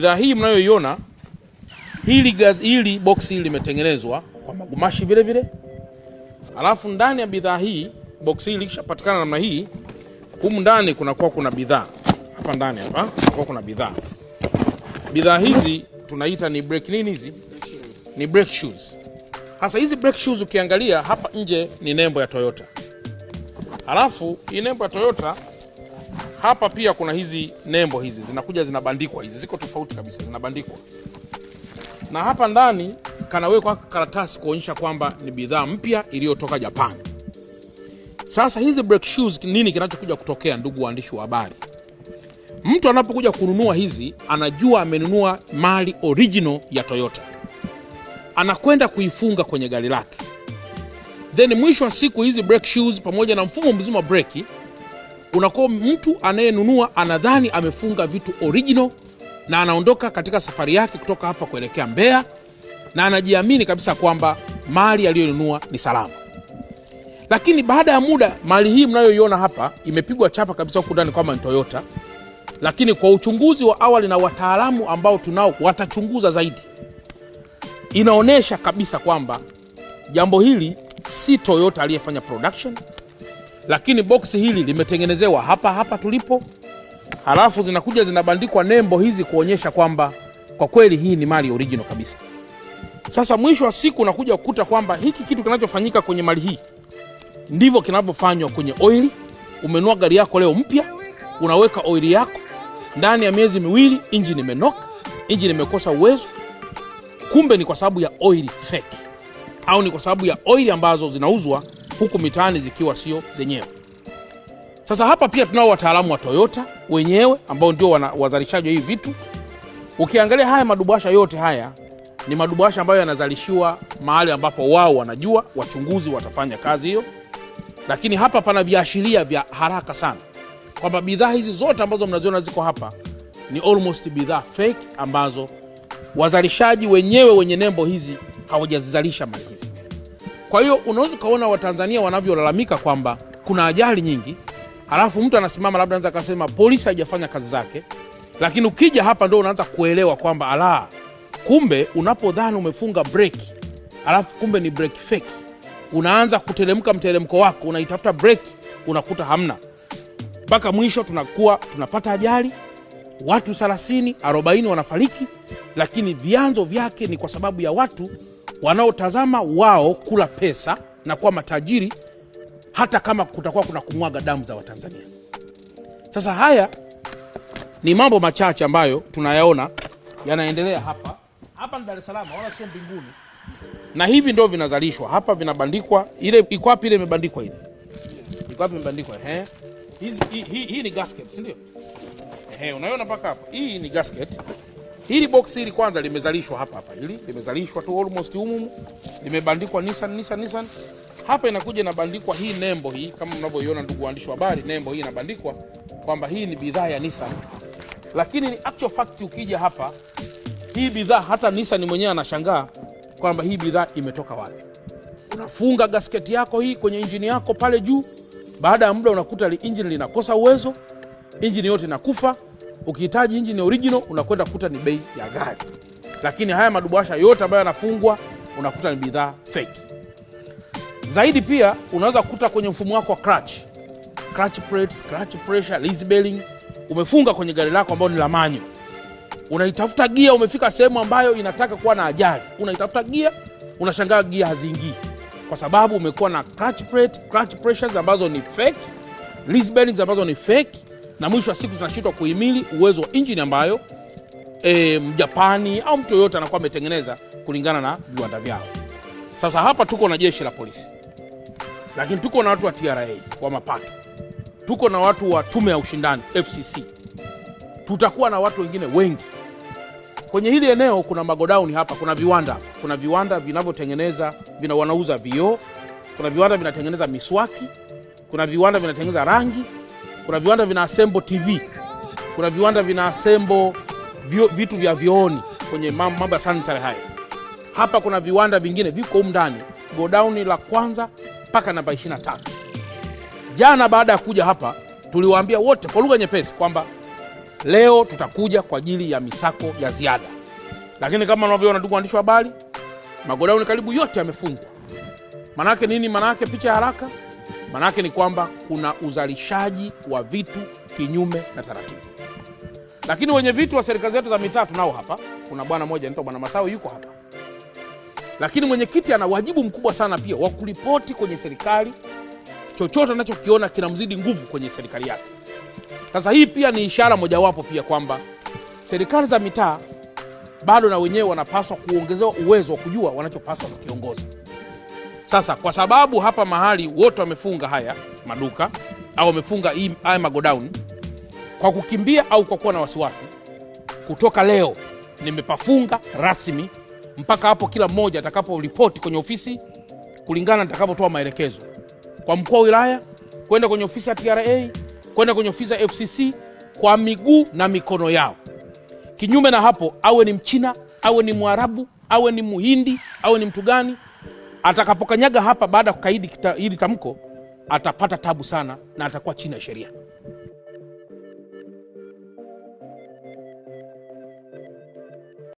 Bidhaa hii mnayoiona hili gazi, hili boksi hili limetengenezwa kwa magumashi vile vile, alafu ndani ya bidhaa hii boksi hili kishapatikana namna hii, humu ndani kunakuwa kuna bidhaa hapa ndani hapa kunakuwa kuna bidhaa. Bidhaa hizi tunaita ni break nini hizi? Ni break shoes. Hasa hizi break shoes ukiangalia hapa nje ni nembo ya Toyota, alafu hii nembo ya Toyota hapa pia kuna hizi nembo hizi zinakuja zinabandikwa, hizi ziko tofauti kabisa, zinabandikwa na hapa ndani kanawekwa karatasi kuonyesha kwamba ni bidhaa mpya iliyotoka Japan. Sasa hizi break shoes, nini kinachokuja kutokea, ndugu waandishi wa habari? Mtu anapokuja kununua hizi anajua amenunua mali original ya Toyota, anakwenda kuifunga kwenye gari lake, then mwisho wa siku hizi break shoes pamoja na mfumo mzima wa breki unakuwa mtu anayenunua anadhani amefunga vitu original na anaondoka katika safari yake kutoka hapa kuelekea Mbeya na anajiamini kabisa kwamba mali aliyonunua ni salama. Lakini baada ya muda, mali hii mnayoiona hapa imepigwa chapa kabisa huku ndani kwamba ni Toyota, lakini kwa uchunguzi wa awali na wataalamu ambao tunao watachunguza zaidi, inaonyesha kabisa kwamba jambo hili si Toyota aliyefanya production lakini boksi hili limetengenezewa hapa hapa tulipo, halafu zinakuja zinabandikwa nembo hizi kuonyesha kwamba kwa kweli hii ni mali original kabisa. Sasa mwisho wa siku unakuja kukuta kwamba hiki kitu kinachofanyika kwenye mali hii ndivyo kinavyofanywa kwenye oili. Umenua gari yako leo mpya, unaweka oili yako, ndani ya miezi miwili injini imenoka, injini imekosa uwezo. Kumbe ni kwa sababu ya oili feki, au ni kwa sababu ya oili ambazo zinauzwa huku mitaani zikiwa sio zenyewe. Sasa hapa pia tunao wataalamu wa Toyota wenyewe ambao ndio wazalishaji wa hivi vitu. Ukiangalia haya madubasha yote haya ni madubasha ambayo yanazalishiwa mahali ambapo wao wanajua, wachunguzi watafanya kazi hiyo, lakini hapa pana viashiria vya haraka sana kwamba bidhaa hizi zote ambazo mnaziona ziko hapa ni almost bidhaa fake ambazo wazalishaji wenyewe wenye nembo hizi hawajazizalisha. Kwa hiyo unaweza ukaona Watanzania wanavyolalamika kwamba kuna ajali nyingi, alafu mtu anasimama labda anaweza akasema polisi haijafanya kazi zake, lakini ukija hapa ndo unaanza kuelewa kwamba ala, kumbe unapodhani umefunga breki alafu kumbe ni breki feki, unaanza kutelemka mtelemko wako, unaitafuta breki unakuta hamna, mpaka mwisho tunakuwa tunapata ajali watu 30 40 wanafariki, lakini vyanzo vyake ni kwa sababu ya watu wanaotazama wao kula pesa na kuwa matajiri hata kama kutakuwa kuna kumwaga damu za Watanzania. Sasa haya ni mambo machache ambayo tunayaona yanaendelea hapa hapa, ni Dar es wala sio mbinguni, na hivi ndio vinazalishwa hapa, vinabandikwa. Ile iko wapi? Ile imebandikwa, ile iko wapi? Imebandikwa ehe. Hii, hii, ni gasket, sindio Ehe, unaiona mpaka hapa, hii ni gasket Hili box hili kwanza limezalishwa hapa hapa, hili limezalishwa tu almost humu, limebandikwa Nissan Nissan Nissan. Hapa inakuja inabandikwa hii nembo hii, kama mnavyoiona ndugu waandishi wa habari, nembo hii inabandikwa kwamba hii ni bidhaa ya Nissan, lakini ni actual fact, ukija hapa hii bidhaa hata Nissan mwenyewe anashangaa kwamba hii bidhaa imetoka wapi. Unafunga gasketi yako hii kwenye injini yako pale juu, baada ya muda unakuta injini linakosa uwezo, injini yote inakufa. Ukihitaji injini original unakwenda kukuta ni bei ya gari, lakini haya madubasha yote ambayo yanafungwa unakuta ni bidhaa fake. Zaidi pia unaweza kukuta kwenye mfumo wako wa clutch, clutch plates, clutch pressure, lease bearing umefunga kwenye gari lako ambalo ni la manyo. Unaitafuta gia, umefika sehemu ambayo inataka kuwa na ajali, unaitafuta gia, unashangaa gia haziingii kwa sababu umekuwa na clutch plate, clutch pressures ambazo ni fake, lease bearings ambazo ni fake na mwisho wa siku zinashindwa kuhimili uwezo wa injini ambayo e, Mjapani au mtu yoyote anakuwa ametengeneza kulingana na viwanda vyao. Sasa hapa tuko na jeshi la polisi, lakini tuko na watu wa TRA wa mapato, tuko na watu wa tume ya ushindani FCC, tutakuwa na watu wengine wengi kwenye hili eneo. Kuna magodauni hapa, kuna viwanda, kuna viwanda vinavyotengeneza vina wanauza vioo, kuna viwanda vinatengeneza miswaki, kuna viwanda vinatengeneza rangi kuna viwanda vina assemble TV, kuna viwanda vina assemble vitu vya vyooni kwenye mambo ya sanitary haya. Hapa kuna viwanda vingine viko humu ndani, godown la kwanza mpaka namba 23. Jana baada ya kuja hapa, tuliwaambia wote kwa lugha nyepesi kwamba leo tutakuja kwa ajili ya misako ya ziada, lakini kama unavyoona ndugu waandishi wa habari, magodauni karibu yote yamefungwa. Manake nini? Manake picha ya haraka Maanake ni kwamba kuna uzalishaji wa vitu kinyume na taratibu. Lakini wenye vitu wa serikali zetu za mitaa tunao hapa. Kuna bwana mmoja anaitwa Bwana Masawe yuko hapa, lakini mwenyekiti ana wajibu mkubwa sana pia wa kuripoti kwenye serikali chochote anachokiona kinamzidi nguvu kwenye serikali yake. Sasa hii pia ni ishara mojawapo pia kwamba serikali za mitaa bado na wenyewe wanapaswa kuongezewa uwezo wa kujua wanachopaswa kukiongoza. Sasa kwa sababu hapa mahali wote wamefunga haya maduka au wamefunga haya magodown, kwa kukimbia au kwa kuwa na wasiwasi, kutoka leo nimepafunga rasmi mpaka hapo kila mmoja atakaporipoti kwenye ofisi kulingana nitakapotoa maelekezo kwa mkuu wa wilaya, kwenda kwenye ofisi ya TRA, kwenda kwenye ofisi ya FCC kwa miguu na mikono yao. Kinyume na hapo, awe ni Mchina, awe ni Mwarabu, awe ni Muhindi, awe ni mtu gani atakapokanyaga hapa baada ya kukaidi hili tamko atapata tabu sana na atakuwa chini ya sheria.